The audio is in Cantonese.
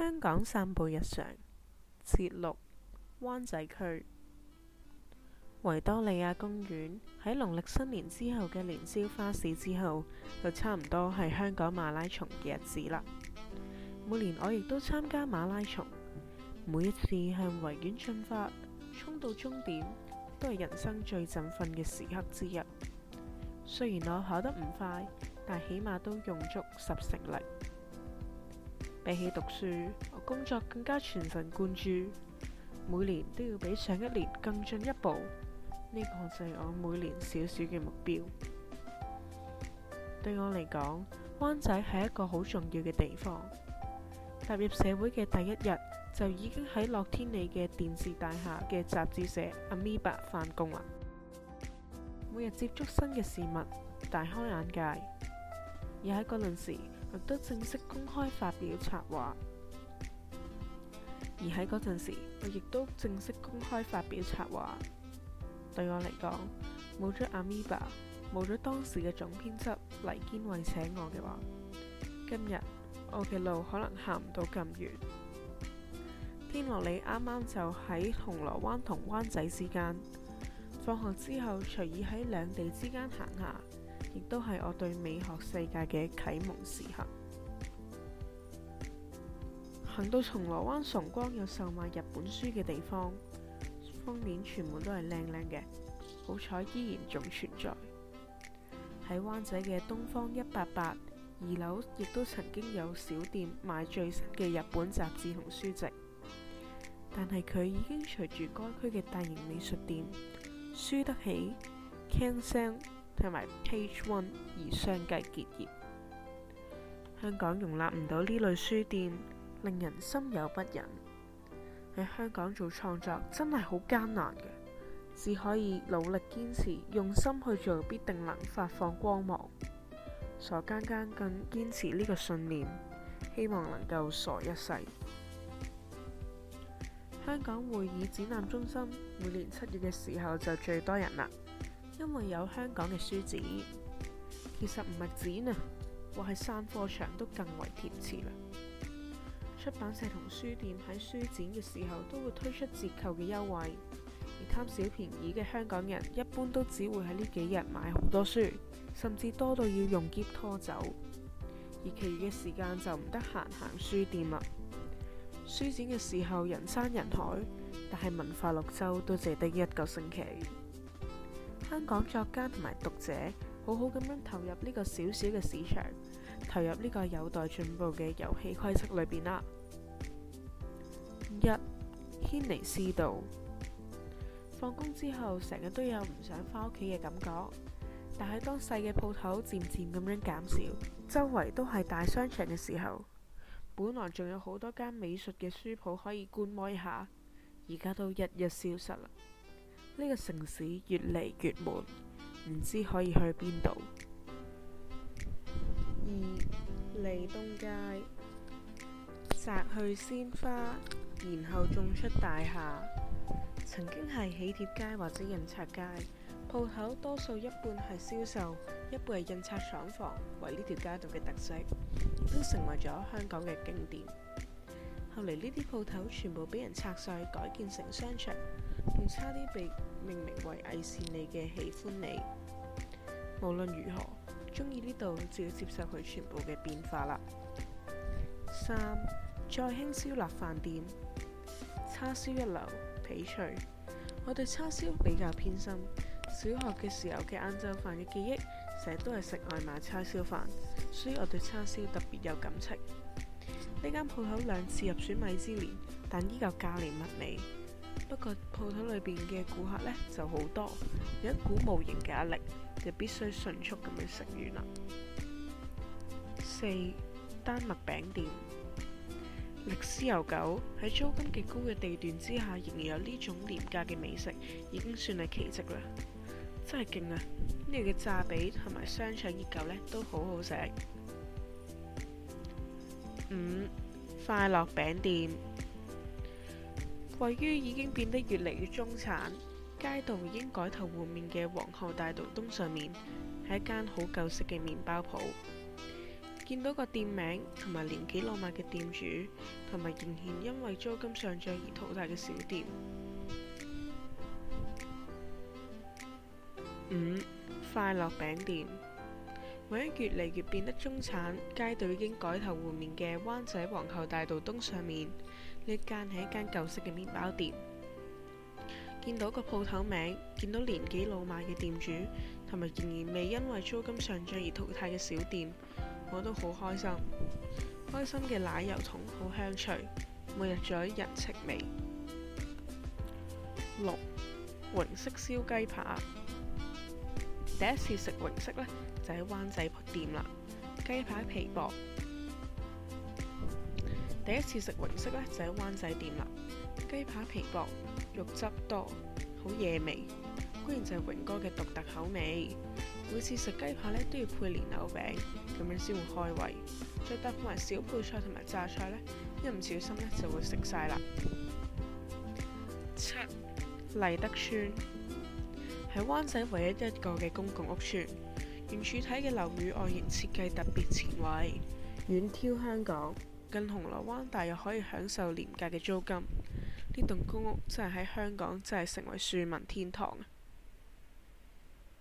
香港散步日常節錄，灣仔區，維多利亞公園。喺農曆新年之後嘅年宵花市之後，就差唔多係香港馬拉松嘅日子啦。每年我亦都參加馬拉松，每一次向維園進發，衝到終點都係人生最振奮嘅時刻之一。雖然我考得唔快，但起碼都用足十成力。比起讀書，我工作更加全神貫注。每年都要比上一年更進一步，呢個就係我每年小小嘅目標。對我嚟講，灣仔係一個好重要嘅地方。踏入社會嘅第一日，就已經喺樂天里嘅電視大廈嘅雜誌社阿咪伯返工啦。每日接觸新嘅事物，大開眼界。而喺嗰陣時，我都正式公開發表策劃，而喺嗰陣時，我亦都正式公開發表策劃。對我嚟講，冇咗阿咪爸，冇咗當時嘅總編輯黎堅偉請我嘅話，今日我嘅路可能行唔到咁遠。天樂里啱啱就喺銅鑼灣同灣仔之間，放學之後隨意喺兩地之間行下。亦都係我對美學世界嘅啟蒙時刻。行到銅鑼灣崇光有售賣日本書嘅地方，封面全部都係靚靚嘅，好彩依然仲存在。喺灣仔嘅東方一八八，二樓，亦都曾經有小店賣最新嘅日本雜誌同書籍，但係佢已經隨住該區嘅大型美術店輸得起，輕聲。同埋 Page One 而相繼結業，香港容納唔到呢類書店，令人心有不忍。喺香港做創作真係好艱難嘅，只可以努力堅持，用心去做，必定能發放光芒。傻更更更堅持呢個信念，希望能夠傻一世。香港會議展覽中心每年七月嘅時候就最多人啦。因為有香港嘅書展，其實唔係展啊，或係散貨場都更為貼切啦。出版社同書店喺書展嘅時候都會推出折扣嘅優惠，而貪小便宜嘅香港人一般都只會喺呢幾日買好多書，甚至多到要用篋拖走，而其餘嘅時間就唔得閒行書店啦。書展嘅時候人山人海，但係文化綠洲都借得一個星期。香港作家同埋讀者，好好咁樣投入呢個小小嘅市場，投入呢個有待進步嘅遊戲規則裏邊啦。一軒尼詩道，放工之後成日都有唔想翻屋企嘅感覺。但係當細嘅鋪頭漸漸咁樣減少，周圍都係大商場嘅時候，本來仲有好多間美術嘅書鋪可以觀摩一下，而家都日日消失啦。呢個城市越嚟越悶，唔知可以去邊度？二利東街摘去鮮花，然後種出大廈。曾經係喜帖街或者印刷街，鋪頭多數一半係銷售，一半係印刷廠房，為呢條街道嘅特色，都成為咗香港嘅景點。後嚟呢啲鋪頭全部俾人拆碎，改建成商場。仲差啲被命名為偽善你嘅喜歡你。無論如何，中意呢度就要接受佢全部嘅變化啦。三，再興燒臘飯店，叉燒一流，皮脆。我對叉燒比較偏心。小學嘅時候嘅晏晝飯嘅記憶，成日都係食外賣叉燒飯，所以我對叉燒特別有感情。呢間鋪頭兩次入選米芝蓮，但依舊價廉物美。不過鋪頭裏邊嘅顧客呢就好多，有一股無形嘅壓力，就必須迅速咁樣食完啦。四，丹麥餅店，歷史悠久，喺租金極高嘅地段之下，仍然有呢種廉價嘅美食，已經算係奇蹟啦！真係勁啊！呢個炸髀同埋商場熱狗呢都好好食。五，快樂餅店。位於已經變得越嚟越中產、街道已經改頭換面嘅皇后大道東上面，係一間好舊式嘅麵包鋪，見到個店名同埋年紀浪漫嘅店主，同埋仍然因為租金上漲而淘汰嘅小店。五快樂餅店，位於越嚟越變得中產、街道已經改頭換面嘅灣仔皇后大道東上面。一間係一間舊式嘅麵包店，見到個鋪頭名，見到年紀老邁嘅店主，同埋仍然未因為租金上漲而淘汰嘅小店，我都好開心。開心嘅奶油桶好香脆，每日載住人情味。六，榮式燒雞扒。第一次食榮式呢，就喺灣仔店啦。雞扒皮薄。第一次食榮式咧，就喺灣仔店啦。雞扒皮薄，肉汁多，好惹味，居然就係榮哥嘅獨特口味。每次食雞扒咧都要配蓮藕餅，咁樣先會開胃。再搭配埋小配菜同埋榨菜咧，一唔小心咧就會食晒啦。七，勵德邨，喺灣仔唯一一個嘅公共屋邨，圓柱體嘅樓宇外形設計特別前衞，遠眺香港。近紅磡灣，大約可以享受廉價嘅租金，呢棟公屋真係喺香港真係成為庶民天堂。